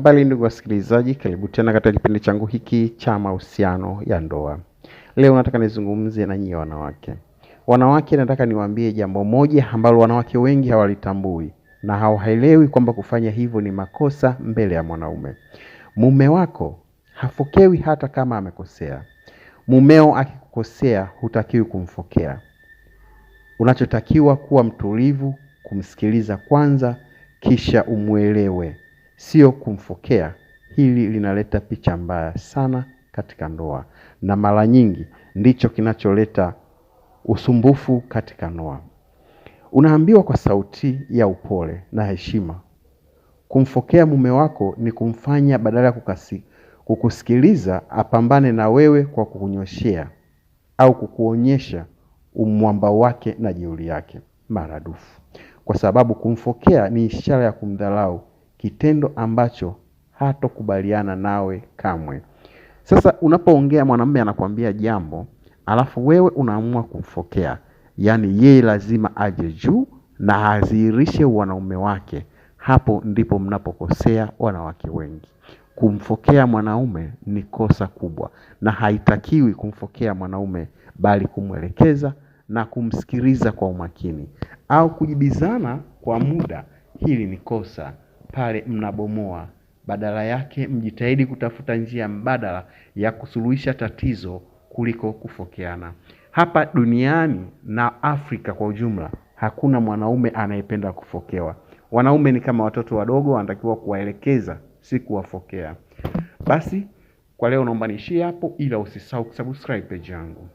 Habari ndugu wasikilizaji, karibu tena katika kipindi changu hiki cha mahusiano ya ndoa. Leo nataka nizungumze na nyie wanawake. Wanawake, nataka niwaambie jambo moja ambalo wanawake wengi hawalitambui na hawaelewi kwamba kufanya hivyo ni makosa mbele ya mwanaume. Mume wako hafokewi hata kama amekosea. Mumeo akikukosea, hutakiwi kumfokea. Unachotakiwa kuwa mtulivu, kumsikiliza kwanza, kisha umwelewe sio kumfokea. Hili linaleta picha mbaya sana katika ndoa, na mara nyingi ndicho kinacholeta usumbufu katika ndoa. Unaambiwa kwa sauti ya upole na heshima. Kumfokea mume wako ni kumfanya badala ya kukasi kukusikiliza apambane na wewe kwa kukunyoshea au kukuonyesha umwamba wake na jeuri yake maradufu, kwa sababu kumfokea ni ishara ya kumdharau kitendo ambacho hatokubaliana nawe kamwe. Sasa unapoongea mwanamume anakuambia jambo alafu wewe unaamua kumfokea, yaani yeye lazima aje juu na adhihirishe wanaume wake. Hapo ndipo mnapokosea wanawake wengi. Kumfokea mwanaume ni kosa kubwa, na haitakiwi kumfokea mwanaume, bali kumwelekeza na kumsikiliza kwa umakini, au kujibizana kwa muda. Hili ni kosa pale mnabomoa. Badala yake mjitahidi kutafuta njia mbadala ya kusuluhisha tatizo kuliko kufokeana. Hapa duniani na Afrika kwa ujumla, hakuna mwanaume anayependa kufokewa. Wanaume ni kama watoto wadogo, wanatakiwa kuwaelekeza, si kuwafokea. Basi kwa leo naomba niishie hapo, ila usisahau kusubscribe page yangu.